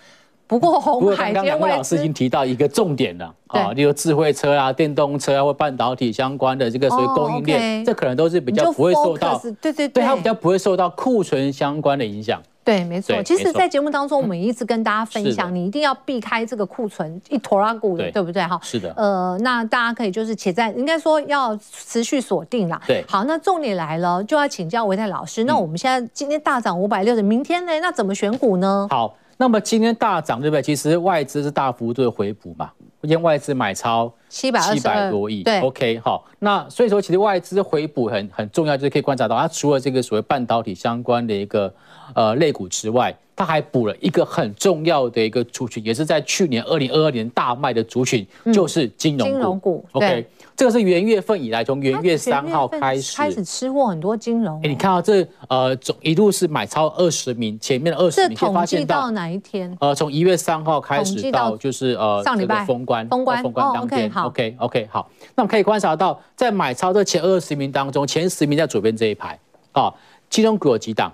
不過，鴻海，剛剛韋老師已經提到一個重點了啊，例如智慧車啊、電動車啊或半導體相關的這個，所謂供應鏈，這可能都是比較不會受到。對對對，它比較不會受到庫存相關的影響。對，沒錯。其實，在節目當中，我們一直跟大家分享，你一定要避開這個庫存一坨拉股的，對不對？哈，是的。呃，那大家可以就是且在應該說要持續鎖定了。對。好，那重點來了，就要請教唯泰老師。那我們現在今天大漲五百六十，明天呢？那怎麼選股呢？好。那麼今天大漲對不對？其實外資是大幅度的回補嘛，因為外資買超。七百多億，對，OK，好，那所以說其實外資回補很很重要，就是可以觀察到它，除了這個所謂半導體相關的一個呃類股之外，它還補了一個很重要的一個族群，也是在去年二零二二年大賣的族群，嗯、就是金融金融股，OK，對，這個是元月份以來，從元月三號開始開始吃貨很多金融、欸，哎，欸、你看啊，這呃，總一度是買超二十名，前面的二十名，這發現到，這統計到哪一天？呃，從一月三號開始到就是到上呃上禮拜封關封關，封關當天、哦 okay, OK，OK，okay, okay, 好。那我們可以觀察到，在買超的前二十名當中，前十名在左邊這一排啊、哦，金融股有幾檔？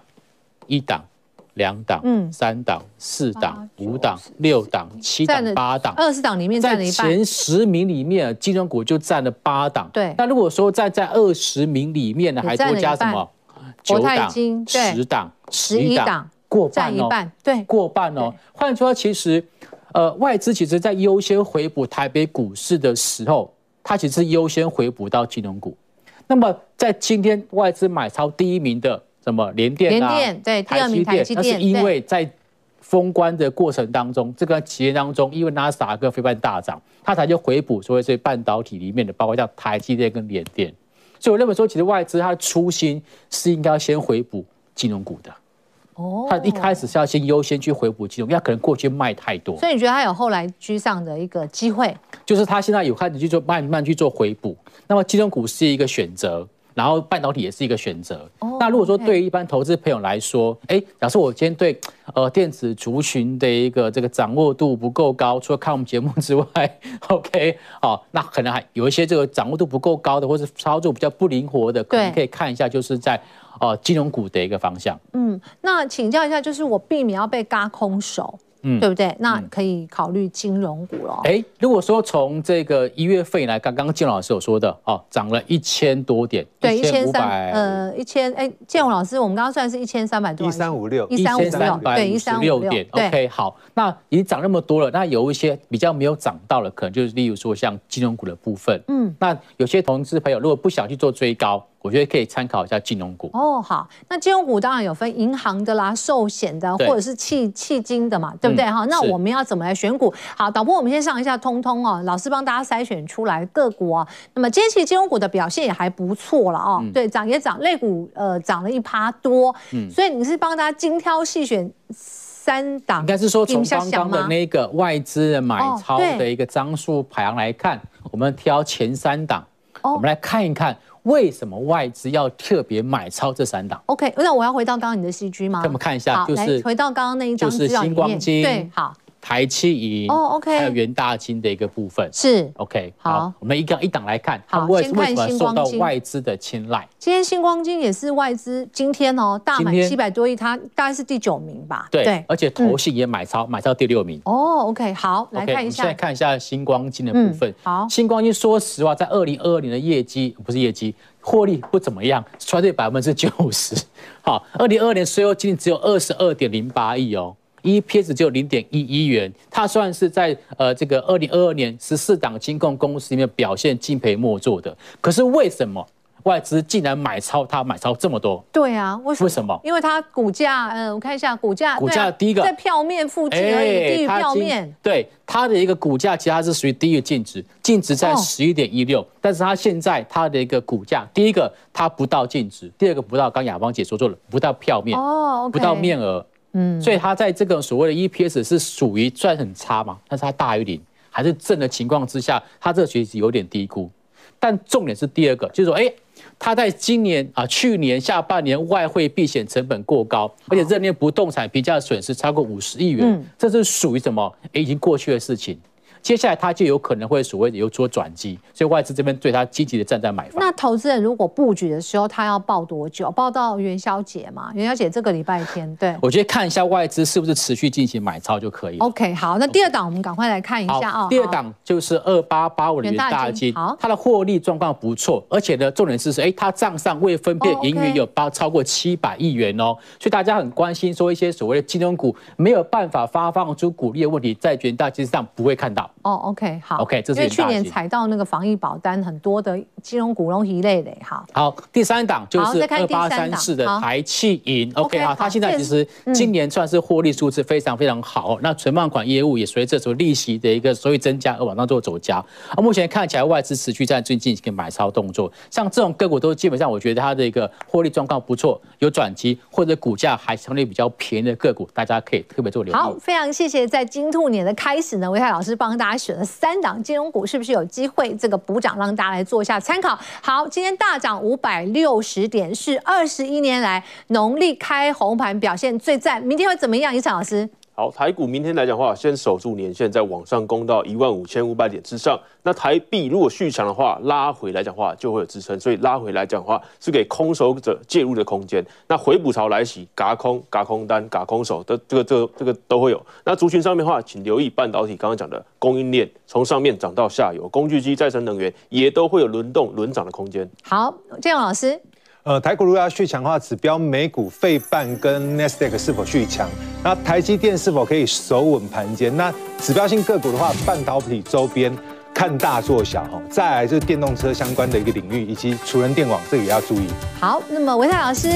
一檔、兩檔、三檔、四檔、五檔、六檔、七檔、八檔。二十檔裡面，在前十名裡面，金融股就占了八檔。對。那如果說在在二十名裡面呢，還多加什麼？九檔、十檔、十一檔，檔過半哦、喔。對。過半哦、喔。換說，其實。呃，外資其實在優先回補台北股市的時候，它其實優先回補到金融股。那麼在今天外資買超第一名的什麼聯電啊，台積電，那是因為在封關的過程當中，對這個企業當中，因為納斯達克費半大漲，它才就回補，所謂這半導體裡面的包括像台積電跟聯電。所以我認為說，其實外資它的初心是應該要先回補金融股的。他一開始是要先優先去回補金融，因為他可能過去賣太多，所以你覺得他有後來居上的一個機會？就是他現在有開始去做慢慢去做回補，那麼金融股是一個選擇，然後半導體也是一個選擇。Oh, 那如果說對於一般投資朋友來說，哎，OK，欸，假設我今天對呃電子族群的一個這個掌握度不夠高，除了看我們節目之外，OK，好，哦，那可能還有一些這個掌握度不夠高的，或者操作比較不靈活的，對，可能可以看一下，就是在。哦，金融股的一個方向。嗯，那請教一下，就是我避免要被軋空手，嗯，對不對？那可以考慮金融股囉。哎、嗯嗯，如果說從這個一月份以來，剛剛建宏老師有說的，哦，漲了一千多點，對，一千三百，呃，一千。哎，建宏老師，我們剛剛算是一千三百多點，一三五六，一千三百五十六點。OK，好，那已經漲那麼多了，那有一些比較沒有漲到的，可能就是例如說像金融股的部分。嗯，那有些同事朋友如果不想去做追高。我覺得可以參考一下金融股哦。Oh, 好，那金融股當然有分銀行的啦、壽險的，對或者是期期金的嘛，嗯、對不對哈？好是那我們要怎麼來選股？好，導播，我們先上一下通通哦，老師幫大家篩選出來個股啊、哦。那麼今天其實金融股的表現也還不錯了哦，嗯、對，漲也漲，類股呃漲了一趴多。嗯，所以你是幫大家精挑細選三檔？應該是說從剛剛的那個外資的買超的一個張數排行來看，我們挑前三檔，我們來看一看，哦。哦為什麼外資要特別買超這三檔？OK，那我要回到剛剛你的 C G 嗎？我們看一下，好就是回到剛剛那一張，就是新光金，對，好。台積電哦，OK，還有元大金的一個部分是 OK，好，我們一個一檔來看，好為什麼受到外資的青睞？今天新光金也是外資，今天哦大買七百多億，它大概是第九名吧，對，而且投信也買超，買超第六名。哦，OK，好，來看一下，現在看一下新光金的部分。好，新光金說實話，在二零二二年的業績不是業績獲利不怎麼樣，衰退百分之九十。好，二零二二年稅後淨利只有二十二點零八億哦。EPS 只有零點一一元，它算是在呃這個二零二二年十四檔金控公司裡面表現敬陪末座的。可是為什麼外資竟然買超它買超這麼多？對呀、啊，為什麼？因為它股價，嗯、呃，我看一下股價，股價價、啊、第一個在票面附近而已，哎、欸，低於票面它對它的一個股價，其實它是屬於低於淨值，淨值在十一點一六，但是它現在它的一個股價，第一個它不到淨值，第二個不到剛雅芳姐說錯了，不到票面哦，oh, okay. 不到面額。嗯，所以它在這個所謂的 EPS 是屬於雖然很差嘛，但是它大於零還是正的情況之下，它這個其實有點低估。但重點是第二個，就是說，誒、欸，它在今年啊，去年下半年外匯避險成本過高，而且認定不動產評價損失超過五十億元，嗯、這是屬於什麼、欸？已經過去的事情。接下來它就有可能會所謂的有所轉機，所以外資這邊對它積極的站在買方。那投資人如果布局的時候，他要報多久？報到元宵節嘛？元宵節這個禮拜天，對。我覺得看一下外資是不是持續進行買超就可以。OK，好，那第二檔 Okay. 我們趕快來看一下啊。第二檔就是二八八五元大金，大金它的獲利狀況不錯，而且呢，重點是是，哎、欸，它賬上未分配盈餘有包超過七百億元哦，所以大家很關心說一些所謂的金融股沒有辦法發放出股利的問題，在元大金上不會看到。哦、oh,，OK，好，OK，這是去年踩到那個防疫保單很多的金融股類類，東一類的哈。好，第三檔就是二八三四的台企銀，OK 啊，它現在其實今年算是獲利數字非常非常好，嗯、那存放款業務也隨着所利息的一個收益增加而往上做走加。啊，目前看起來外資持續在最近一個買超動作，像這種個股都基本上我覺得它的一個獲利狀況不錯，有轉機或者股價還相對比較便宜的個股，大家可以特別做留意。好，非常謝謝在金兔年的開始呢，唯泰老師幫大。它選了三檔金融股，是不是有機會這個補漲？讓大家來做一下參考。好，今天大漲五百六十點，是二十一年來農曆開紅盤表現最讚。明天會怎麼樣？貽程老師？好，台股明天來講的話，先守住年線，再往上攻到一萬五千五百點之上。那台幣如果續強的話，拉回來講話就會有支撐，所以拉回來講話是給空手者介入的空間。那回補潮來襲，軋空、軋空單、軋空手的這個、這個、這個都會有。那族群上面的話，請留意半導體剛剛講的供應鏈，從上面漲到下游，工具機、再生能源也都會有輪動、輪漲的空間。好，建宏老師。呃，台股如果要續強的話，指標美股費半跟 Nasdaq 是否續強？那台積電是否可以守穩盤間？那指標性個股的話，半導體周邊。看大做小哈，再來就是電動車相關的一個領域，以及儲能電網，這個也要注意。好，那麼唯泰老師，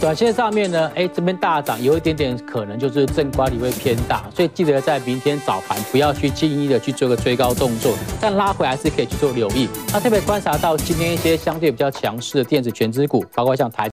短線上面呢，哎，這邊大漲，有一點點可能就是正乖離會偏大，所以記得在明天早盤不要去輕易的去做個追高動作，但拉回來是可以去做留意。那特別觀察到今天一些相對比較強勢的電子權值股，包括像台。